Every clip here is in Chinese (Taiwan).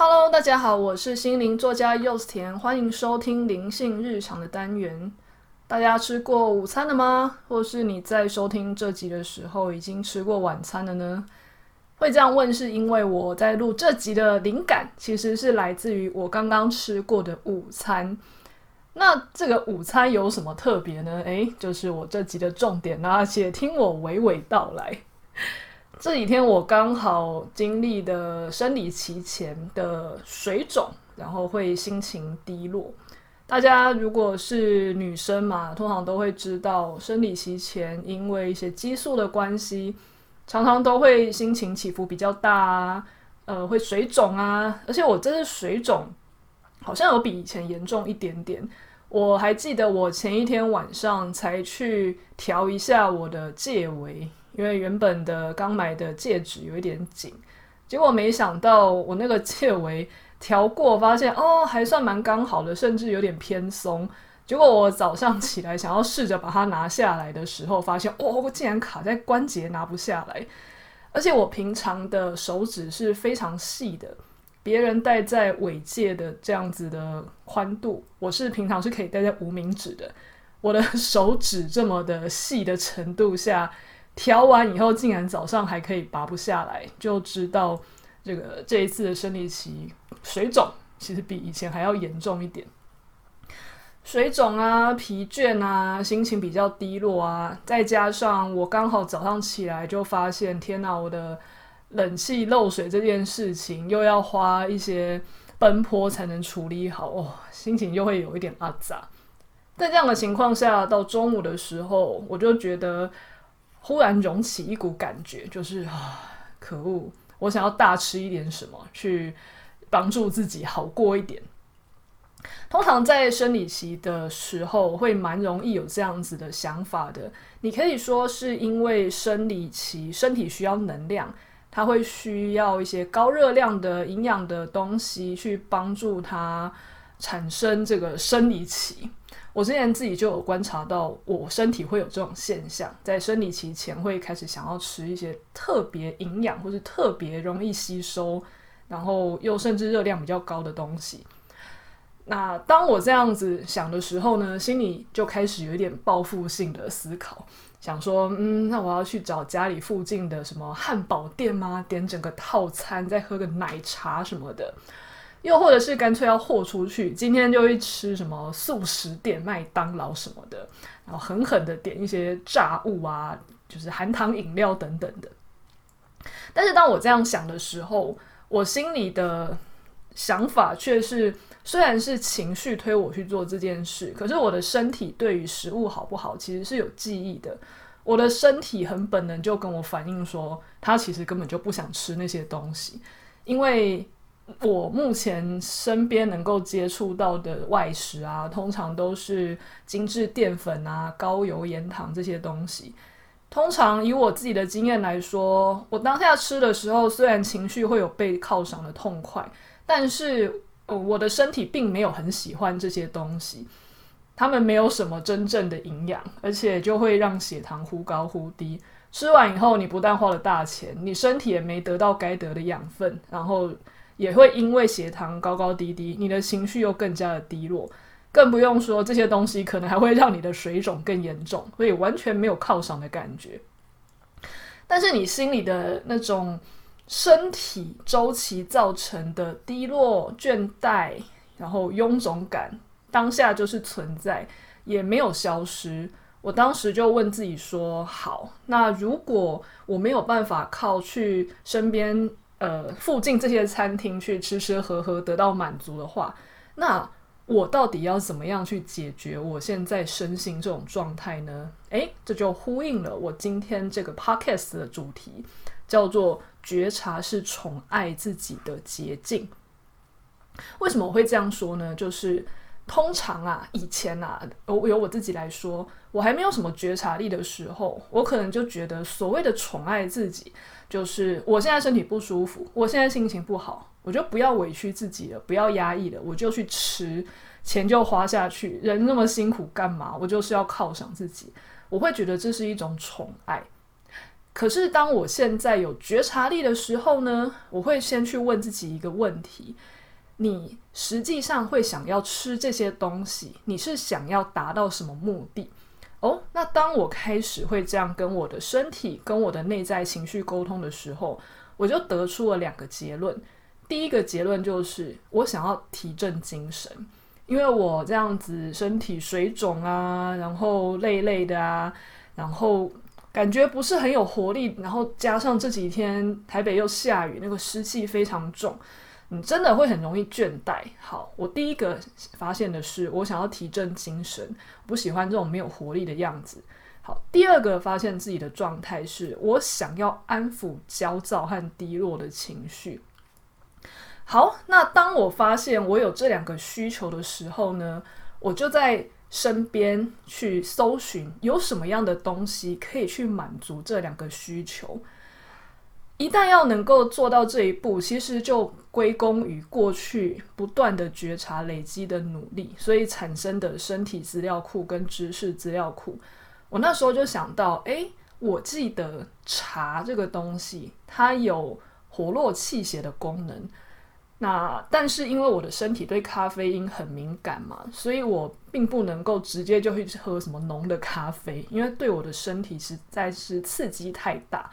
Hello，大家好，我是心靈作家柚子田，歡迎收聽靈性日常的單元。大家吃過午餐了嗎？或是你在收聽這集的時候已經吃過晚餐了呢？會這樣問是因為我在錄這集的靈感其實是來自於我剛剛吃過的午餐。那這個午餐有什麼特別呢？誒，就是我這集的重點啦，而且聽我娓娓道來。這幾天我剛好經歷的生理期前的水腫，然後會心情低落。大家如果是女生嘛，通常都會知道生理期前因為一些激素的關係，常常都會心情起伏比較大，啊，呃，會水腫啊。而且我這次水腫好像有比以前嚴重一點點。我還記得我前一天晚上才去調一下我的戒圍。因為原本的剛買的戒指有一點緊，結果沒想到我那個戒圍調過，發現，哦，還算蠻剛好的，甚至有點偏鬆。結果我早上起來想要試着把它拿下來的時候，發現，哦，我竟然卡在關節拿不下來，而且我平常的手指是非常細的，別人戴在尾戒的這樣子的寬度，我是平常是可以戴在無名指的。我的手指這麼的細的程度下。調完以後，竟然早上還可以拔不下來，就知道這個這一次的生理期水腫其實比以前還要嚴重一點。水腫啊、疲倦啊、心情比較低落啊，再加上我剛好早上起來就發現，天吶、啊，我的冷氣漏水這件事情又要花一些奔波才能處理好哦，心情又會有一點阿雜。在這樣的情況下，到中午的時候，我就覺得。忽然湧起一股感覺，就是啊，可惡！我想要大吃一點什麼，去幫助自己好過一點。通常在生理期的時候，會蠻容易有這樣子的想法的。你可以說是因為生理期，身體需要能量，它會需要一些高熱量的營養的東西去幫助它產生這個生理期。我之前自己就有觀察到，我身體會有這種現象，在生理期前會開始想要吃一些特別營養或是特別容易吸收，然後又甚至熱量比較高的東西。那當我這樣子想的時候呢，心裡就開始有一點報復性的思考，想說，嗯，那我要去找家裡附近的什麼漢堡店嗎？點整個套餐，再喝個奶茶什麼的。又或者是乾脆要豁出去，今天就去吃什麼速食店、麥當勞什麼的，然後狠狠的點一些炸物啊，就是含糖飲料等等的。但是當我這樣想的時候，我心裡的想法卻是，雖然是情緒推我去做這件事，可是我的身體對於食物好不好其實是有記憶的，我的身體很本能就跟我反映說，他其實根本就不想吃那些東西，因為。我目前身邊能夠接觸到的外食啊，通常都是精致澱粉啊、高油、鹽、糖這些東西。通常以我自己的經驗來說，我當下吃的時候，雖然情緒會有被犒賞的痛快，但是我的身體並沒有很喜歡這些東西。它們沒有什麼真正的營養，而且就會讓血糖忽高忽低。吃完以後，你不但花了大錢，你身體也沒得到該得的養分，然後。也會因為血糖高高低低，你的情緒又更加的低落，更不用說這些東西可能還會讓你的水腫更嚴重，所以完全沒有犒賞的感覺。但是你心裡的那種身體週期造成的低落、倦怠，然後臃腫感，當下就是存在，也沒有消失。我當時就問自己說：“好，那如果我沒有辦法靠去身邊。”呃，附近這些餐廳去吃吃喝喝得到滿足的話，那我到底要怎麼樣去解決我現在身心這種狀態呢？誒，這就呼應了我今天這個 podcast 的主題，叫做“覺察是寵愛自己的捷徑”。為什麼我會這樣說呢？就是。通常啊，以前啊，由我自己來說，我還沒有什麼覺察力的時候，我可能就覺得所謂的寵愛自己，就是我現在身體不舒服，我現在心情不好，我就不要委屈自己了，不要壓抑了，我就去吃，錢就花下去，人那麼辛苦幹嘛？我就是要犒賞自己，我會覺得這是一種寵愛。可是當我現在有覺察力的時候呢，我會先去問自己一個問題。你實際上會想要吃這些東西，你是想要達到什麼目的？哦，那當我開始會這樣跟我的身體、跟我的內在情緒溝通的時候，我就得出了兩個結論。第一個結論就是我想要提振精神，因為我這樣子身體水腫啊，然後累累的啊，然後感覺不是很有活力，然後加上這幾天台北又下雨，那個濕氣非常重。你真的會很容易倦怠。好，我第一個發現的是，我想要提振精神，不喜歡這種沒有活力的樣子。好，第二個發現自己的狀態是，我想要安撫焦躁和低落的情緒。好，那當我發現我有這兩個需求的時候呢，我就在身邊去搜尋有什麼樣的東西可以去滿足這兩個需求。一旦要能夠做到這一步，其實就歸功於過去不斷的覺察、累積的努力，所以產生的身體資料庫跟知識資料庫。我那時候就想到，誒、欸，我記得茶這個東西，它有活絡氣血的功能。那但是因為我的身體對咖啡因很敏感嘛，所以我並不能夠直接就去喝什麼濃的咖啡，因為對我的身體實在是刺激太大。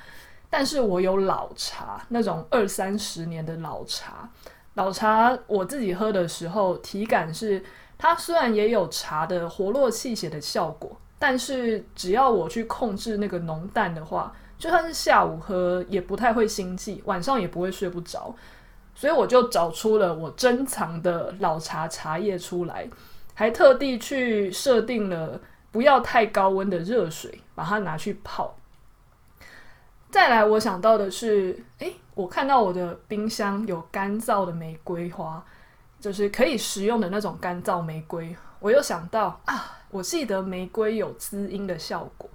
但是我有老茶，那種二三十年的老茶。老茶我自己喝的時候，體感是它雖然也有茶的活絡氣血的效果，但是只要我去控制那個濃淡的話，就算是下午喝也不太會心悸，晚上也不會睡不着。所以我就找出了我珍藏的老茶茶葉出來，還特地去設定了不要太高溫的熱水，把它拿去泡。再來，我想到的是，哎、欸，我看到我的冰箱有乾燥的玫瑰花，就是可以食用的那種乾燥玫瑰。我又想到啊，我記得玫瑰有滋陰的效果，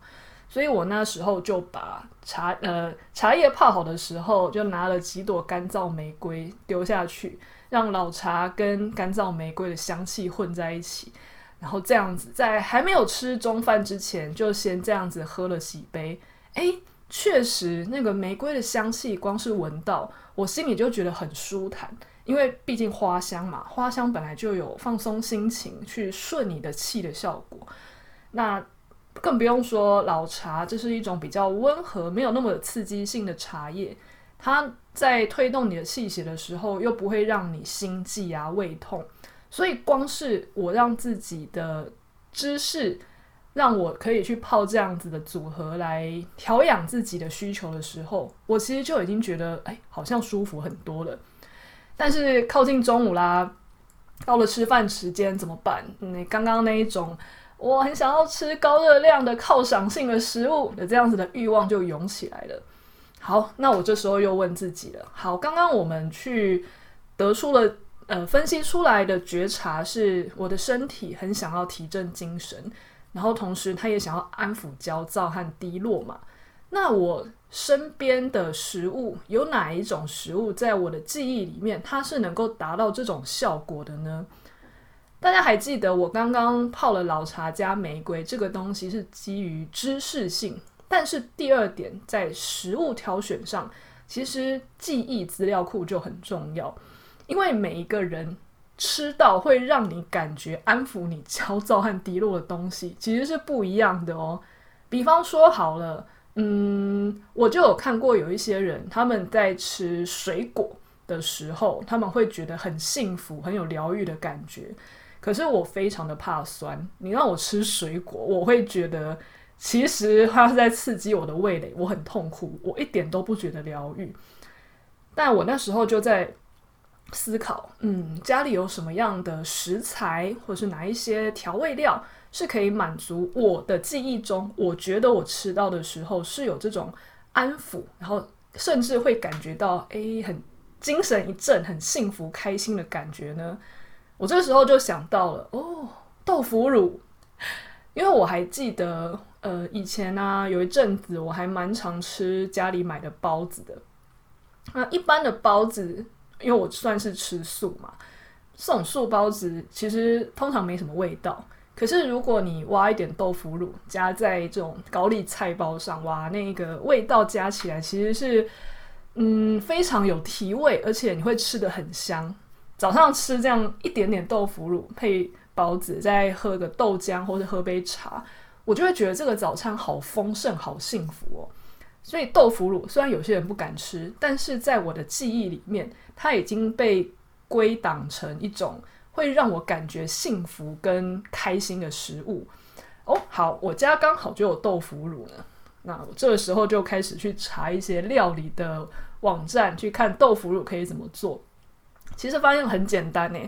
所以我那時候就把茶，呃，茶葉泡好的時候，就拿了幾朵乾燥玫瑰丟下去，讓老茶跟乾燥玫瑰的香氣混在一起，然後這樣子，在還沒有吃中飯之前，就先這樣子喝了幾杯，哎、欸。確實，那個玫瑰的香氣，光是聞到，我心裡就覺得很舒坦，因為畢竟花香嘛，花香本來就有放鬆心情、去順你的氣的效果。那更不用說老茶，這是一種比較溫和、沒有那麼刺激性的茶葉，它在推動你的氣血的時候，又不會讓你心悸啊、胃痛。所以，光是我讓自己的知識。讓我可以去泡這樣子的組合來調養自己的需求的時候，我其實就已經覺得哎，好像舒服很多了。但是靠近中午啦，到了吃飯時間怎麼辦？你剛剛那一種我很想要吃高熱量的犒賞性的食物的這樣子的欲望就湧起來了。好，那我這時候又問自己了：好，剛剛我們去得出了呃，分析出來的覺察是我的身體很想要提振精神。然後同時，他也想要安撫焦躁和低落嘛。那我身邊的食物有哪一種食物在我的記憶裡面，它是能夠達到這種效果的呢？大家還記得我剛剛泡了老茶加玫瑰，這個東西是基於知識性。但是第二點，在食物挑選上，其實記憶資料庫就很重要，因為每一個人。吃到會讓你感覺安撫你焦躁和低落的東西，其實是不一樣的哦。比方說好了，嗯，我就有看過有一些人他們在吃水果的時候，他們會覺得很幸福，很有療癒的感覺。可是我非常的怕酸，你讓我吃水果，我會覺得其實它是在刺激我的味蕾，我很痛苦，我一點都不覺得療癒。但我那時候就在。思考，嗯，家裡有什麼樣的食材，或者是哪一些調味料，是可以滿足我的記憶中，我覺得我吃到的時候是有這種安撫，然後甚至會感覺到，誒、欸，很精神一振，很幸福開心的感覺呢。我這個時候就想到了，哦，豆腐乳，因為我還記得，呃，以前呢、啊、有一陣子我還蠻常吃家裡買的包子的，那一般的包子。因為我算是吃素嘛，這種素包子其實通常沒什麼味道。可是如果你挖一點豆腐乳加在這種高麗菜包上，哇，那個味道加起來其實是嗯非常有提味，而且你會吃得很香。早上吃這樣一點點豆腐乳配包子，再喝個豆漿或者喝杯茶，我就會覺得這個早餐好豐盛，好幸福哦。所以豆腐乳雖然有些人不敢吃，但是在我的記憶裡面，它已經被歸檔成一種會讓我感覺幸福跟開心的食物。哦，好，我家剛好就有豆腐乳了，那我這個時候就開始去查一些料理的網站，去看豆腐乳可以怎麼做。其實發現很簡單呢。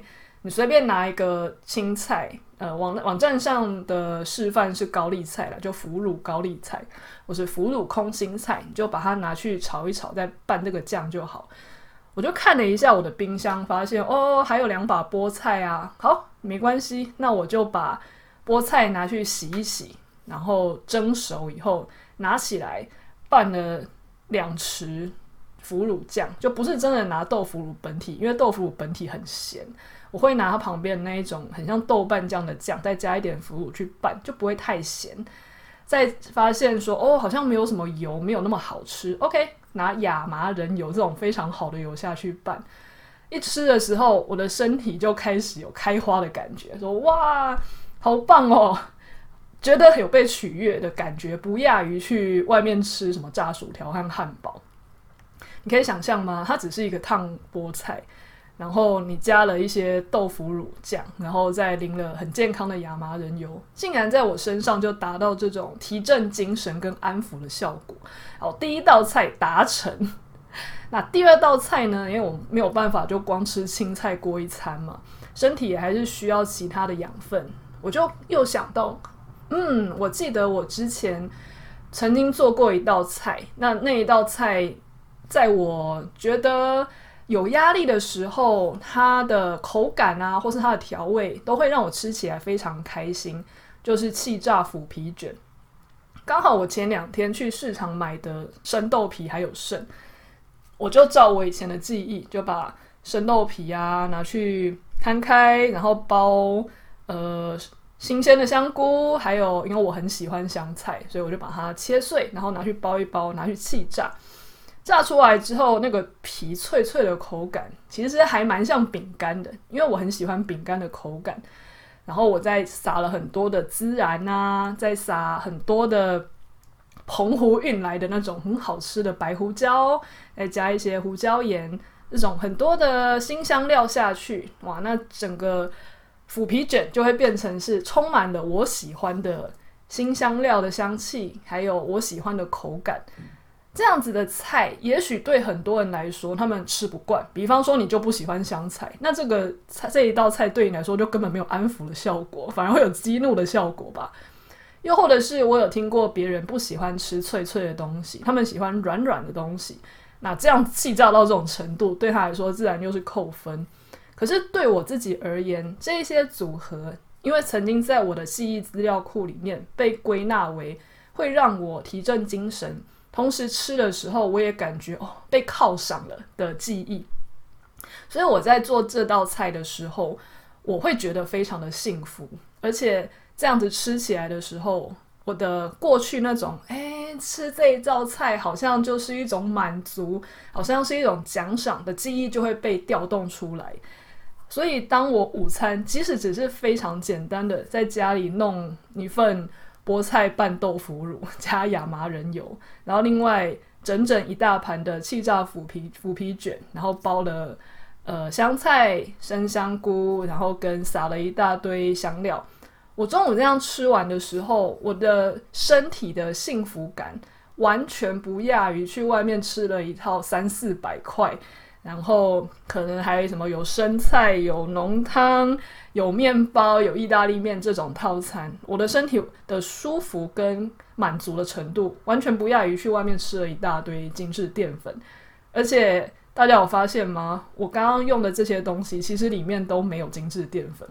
你隨便拿一個青菜，呃，網網站上的示範是高麗菜了，就腐乳高麗菜，我是腐乳空心菜，你就把它拿去炒一炒，再拌這個醬就好。我就看了一下我的冰箱，發現哦，還有兩把菠菜啊，好，沒關係，那我就把菠菜拿去洗一洗，然後蒸熟以後拿起來拌了兩匙腐乳醬，就不是真的拿豆腐乳本體，因為豆腐乳本體很鹹。我會拿它旁邊那一種很像豆瓣醬的醬，再加一點腐乳去拌，就不會太鹹。再發現說，哦，好像沒有什麼油，沒有那麼好吃。OK，拿亞麻仁油這種非常好的油下去拌。一吃的時候，我的身體就開始有開花的感覺，說哇，好棒哦，覺得有被取悅的感覺，不亞於去外面吃什麼炸薯條和漢堡。你可以想象嗎？它只是一個燙菠菜。然後你加了一些豆腐乳醬，然後再淋了很健康的亞麻仁油，竟然在我身上就達到這種提振精神跟安撫的效果。好，第一道菜達成。 那第二道菜呢？因為我沒有辦法就光吃青菜過一餐嘛，身體也還是需要其他的養分。我就又想到，嗯，我記得我之前曾經做過一道菜，那那一道菜，在我覺得。有壓力的時候，它的口感啊，或是它的調味，都會讓我吃起來非常開心。就是氣炸腐皮卷，剛好我前兩天去市場買的生豆皮還有剩，我就照我以前的記憶，就把生豆皮啊拿去攤開，然後包呃新鮮的香菇，還有因為我很喜歡香菜，所以我就把它切碎，然後拿去包一包，拿去氣炸。炸出來之後，那個皮脆脆的口感，其實還蠻像餅乾的，因為我很喜歡餅乾的口感。然後我再撒了很多的孜然啊，再撒很多的澎湖運來的那種很好吃的白胡椒，再加一些胡椒鹽，這種很多的辛香料下去，哇，那整個腐皮卷就會變成是充滿了我喜歡的辛香料的香氣，還有我喜歡的口感。嗯這樣子的菜，也許對很多人來說，他們吃不慣。比方說，你就不喜歡香菜，那這個菜這一道菜對你來說就根本沒有安撫的效果，反而會有激怒的效果吧。又或者是，我有聽過別人不喜歡吃脆脆的東西，他們喜歡軟軟的東西。那這樣計較到這種程度，對他來說自然又是扣分。可是對我自己而言，這一些組合，因為曾經在我的記憶資料庫裡面被歸納為會讓我提振精神。同時吃的時候，我也感覺哦，被犒賞了的記憶，所以我在做這道菜的時候，我會覺得非常的幸福，而且這樣子吃起來的時候，我的過去那種誒、欸，吃這一道菜好像就是一種滿足，好像是一種獎賞的記憶就會被調動出來。所以當我午餐，即使只是非常簡單的在家裡弄一份。菠菜拌豆腐乳加亞麻仁油，然後另外整整一大盤的氣炸腐皮腐皮捲，然後包了呃香菜、生香菇，然後跟撒了一大堆香料。我中午這樣吃完的時候，我的身體的幸福感完全不亞於去外面吃了一套三四百塊然後可能還有什麼有生菜、有濃湯、有麵包、有意大利麵這種套餐，我的身體的舒服跟滿足的程度，完全不亞於去外面吃了一大堆精緻澱粉。而且大家有發現嗎？我剛剛用的這些東西其實裡面都沒有精緻澱粉，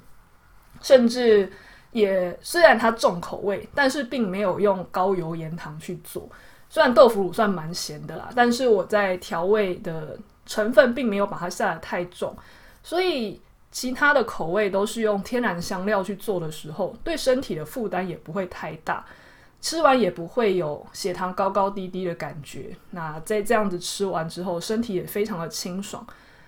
甚至也雖然它重口味，但是並沒有用高油鹽糖去做。雖然豆腐乳算蠻鹹的啦，但是我在調味的。成分並沒有把它下得太重，所以其他的口味都是用天然香料去做的時候，對身體的負擔也不會太大，吃完也不會有血糖高高低低的感覺。那在這樣子吃完之後，身體也非常的清爽，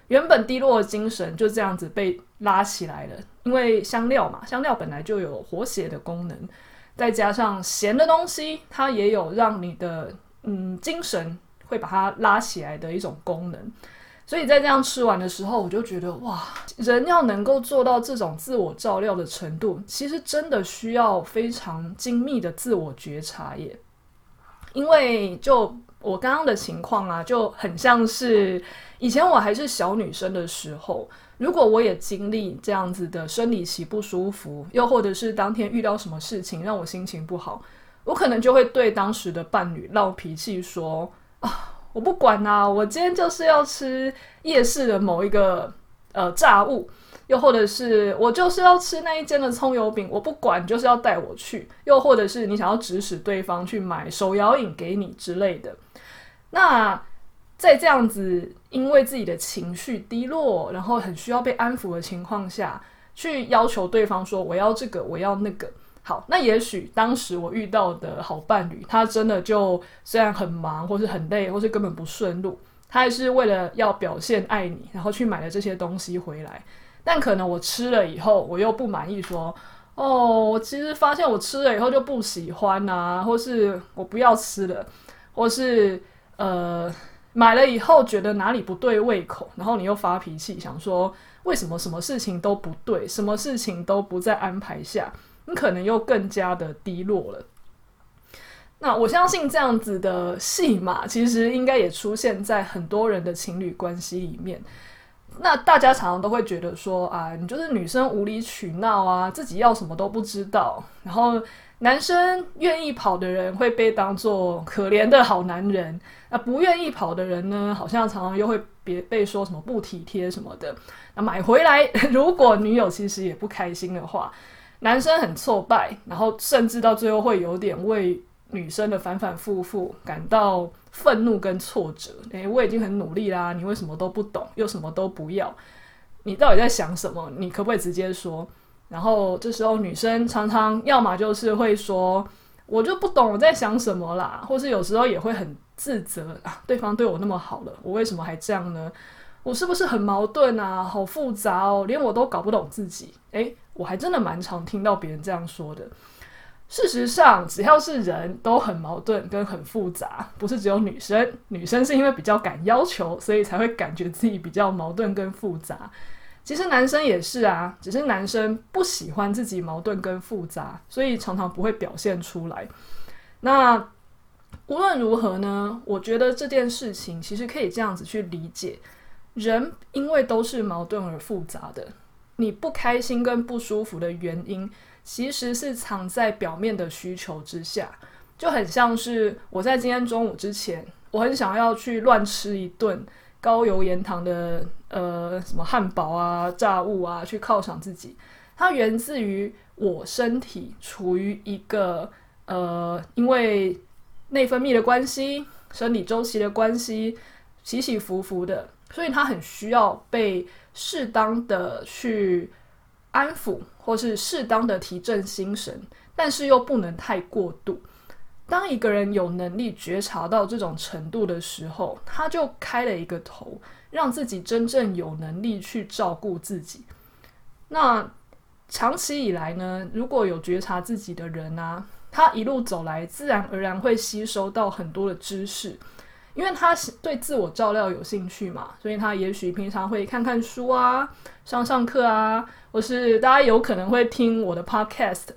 原本低落的精神就這樣子被拉起來了。因為香料嘛，香料本來就有活血的功能，再加上鹹的東西，它也有讓你的嗯精神。會把它拉起來的一種功能，所以在這樣吃完的時候，我就覺得哇，人要能夠做到這種自我照料的程度，其實真的需要非常精密的自我覺察耶。因為就我剛剛的情況啊，就很像是以前我還是小女生的時候，如果我也經歷這樣子的生理期不舒服，又或者是當天遇到什麼事情讓我心情不好，我可能就會對當時的伴侶鬧脾氣說。啊、哦，我不管吶、啊！我今天就是要吃夜市的某一個呃炸物，又或者是我就是要吃那一間的蔥油餅，我不管，就是要帶我去。又或者是你想要指使對方去買手搖飲給你之類的。那在這樣子因為自己的情緒低落，然後很需要被安撫的情況下去要求對方說，我要這個，我要那個。好，那也許當時我遇到的好伴侶，他真的就雖然很忙，或是很累，或是根本不順路，他還是為了要表現愛你，然後去買了這些東西回來。但可能我吃了以後，我又不滿意，說：“哦，我其實發現我吃了以後就不喜歡啊，或是我不要吃了，或是呃買了以後覺得哪裡不對胃口。”然後你又發脾氣，想說：“為什麼什麼事情都不對，什麼事情都不在安排下？”你可能又更加的低落了。那我相信這樣子的戲碼，其實應該也出現在很多人的情侶關係裡面。那大家常常都會覺得說啊，你就是女生無理取鬧啊，自己要什麼都不知道。然後男生願意跑的人會被當做可憐的好男人，那不願意跑的人呢，好像常常又會別被說什麼不體貼什麼的。那買回來如果女友其實也不開心的話，男生很挫敗，然後甚至到最後會有點為女生的反反复覆感到憤怒跟挫折。誒，我已經很努力啦，你為什麼都不懂？又什麼都不要？你到底在想什麼？你可不可以直接說？然後這時候女生常常要麼就是會說：“我就不懂我在想什麼啦。”，或是有時候也會很自責啊：“對方對我那麼好了，我為什麼還這樣呢？我是不是很矛盾啊？好複雜哦，連我都搞不懂自己。”誒……我還真的蠻常聽到別人這樣說的。事實上，只要是人都很矛盾跟很複雜，不是只有女生。女生是因為比較敢要求，所以才會感覺自己比較矛盾跟複雜。其實男生也是啊，只是男生不喜歡自己矛盾跟複雜，所以常常不會表現出來。那無論如何呢？我覺得這件事情其實可以這樣子去理解：人因為都是矛盾而複雜的。你不開心跟不舒服的原因，其實是藏在表面的需求之下，就很像是我在今天中午之前，我很想要去亂吃一頓高油鹽糖的呃什麼漢堡啊、炸物啊，去犒賞自己。它源自於我身體處於一個呃因為內分泌的關係、生理週期的關係起起伏伏的，所以它很需要被適當的去安撫，或是適當的提振心神，但是又不能太過度。當一個人有能力覺察到這種程度的時候，他就開了一個頭，讓自己真正有能力去照顧自己。那長期以來呢，如果有覺察自己的人啊，他一路走來，自然而然會吸收到很多的知識。因為他是對自我照料有興趣嘛，所以他也許平常會看看書啊，上上課啊，或是大家有可能會聽我的 podcast，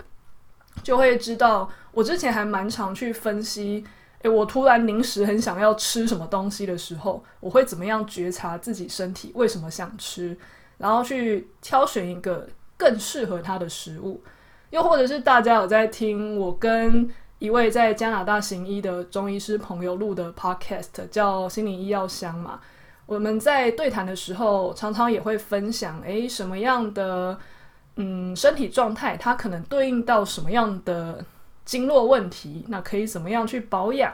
就會知道我之前還蠻常去分析，誒，我突然臨時很想要吃什麼東西的時候，我會怎麼樣覺察自己身體為什麼想吃，然後去挑選一個更適合他的食物，又或者是大家有在聽我跟。一位在加拿大行醫的中醫師朋友錄的 Podcast 叫《心靈醫藥箱》嘛，我們在對談的時候，常常也會分享，誒、欸，什麼樣的嗯身體狀態，它可能對應到什麼樣的經絡問題，那可以怎麼樣去保養？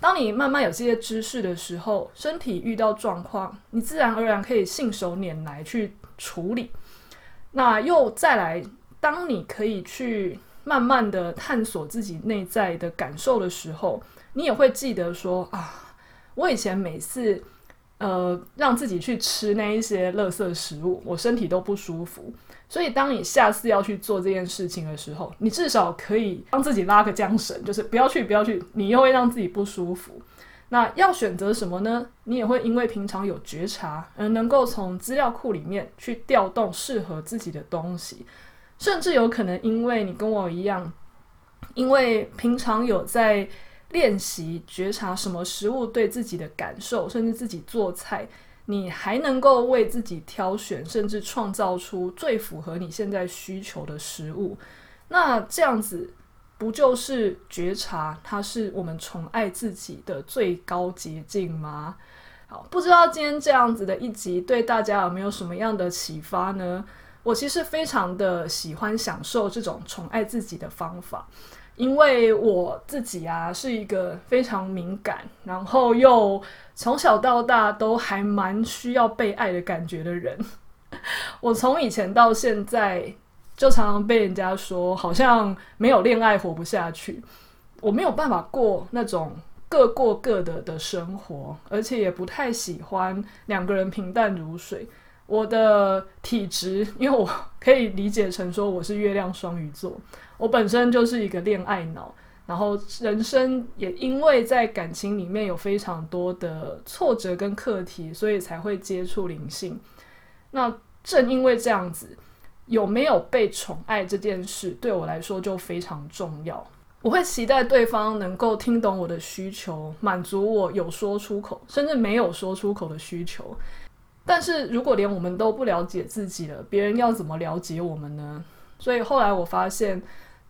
當你慢慢有這些知識的時候，身體遇到狀況，你自然而然可以信手拈來去處理。那又再來，當你可以去。慢慢的探索自己內在的感受的時候，你也會記得說啊，我以前每次，呃，讓自己去吃那一些垃圾食物，我身體都不舒服。所以，當你下次要去做這件事情的時候，你至少可以幫自己拉個韁繩，就是不要去，不要去，你又會讓自己不舒服。那要選擇什麼呢？你也會因為平常有覺察而能夠從資料庫裡面去調動適合自己的東西。甚至有可能，因為你跟我一樣，因為平常有在練習覺察什麼食物對自己的感受，甚至自己做菜，你還能夠為自己挑選，甚至創造出最符合你現在需求的食物。那這樣子，不就是覺察，它是我們寵愛自己的最高捷徑嗎？好，不知道今天這樣子的一集，對大家有沒有什麼樣的啟發呢？我其實非常的喜歡享受這種寵愛自己的方法，因為我自己啊是一個非常敏感，然後又從小到大都還蠻需要被愛的感覺的人。我從以前到現在就常常被人家說，好像沒有戀愛活不下去，我沒有辦法過那種各過各的的生活，而且也不太喜歡兩個人平淡如水。我的體質，因為我可以理解成說我是月亮雙魚座，我本身就是一個戀愛腦，然後人生也因為在感情裡面有非常多的挫折跟課題，所以才會接觸靈性。那正因為這樣子，有沒有被寵愛這件事對我來說就非常重要。我會期待對方能夠聽懂我的需求，滿足我有說出口甚至沒有說出口的需求。但是如果連我們都不了解自己了，別人要怎麼了解我們呢？所以後來我發現，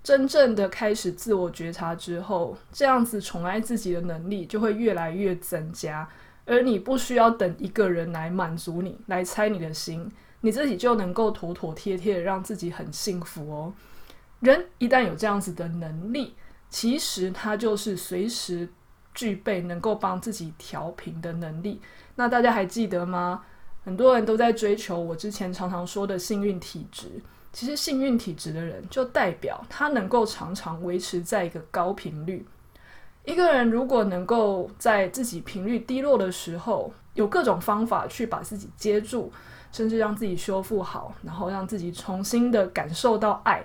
真正的開始自我覺察之後，這樣子寵愛自己的能力就會越來越增加，而你不需要等一個人來滿足你，來猜你的心，你自己就能夠妥妥帖帖的讓自己很幸福哦。人一旦有這樣子的能力，其實他就是隨時具備能夠幫自己調頻的能力。那大家還記得嗎？很多人都在追求我之前常常說的幸運體質。其實，幸運體質的人就代表他能夠常常維持在一個高頻率。一個人如果能夠在自己頻率低落的時候，有各種方法去把自己接住，甚至讓自己修復好，然後讓自己重新的感受到愛，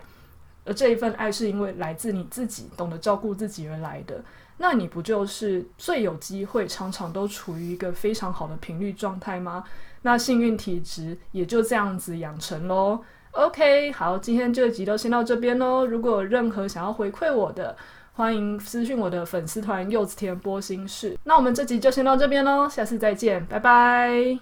而這一份愛是因為來自你自己懂得照顧自己而來的，那你不就是最有機會常常都處於一個非常好的頻率狀態嗎？那幸運體質也就這樣子養成咯。OK，好，今天這一集都先到這邊嘍。如果有任何想要回饋我的，歡迎私訊我的粉絲團柚子甜波心事。那我們這集就先到這邊嘍，下次再見，拜拜。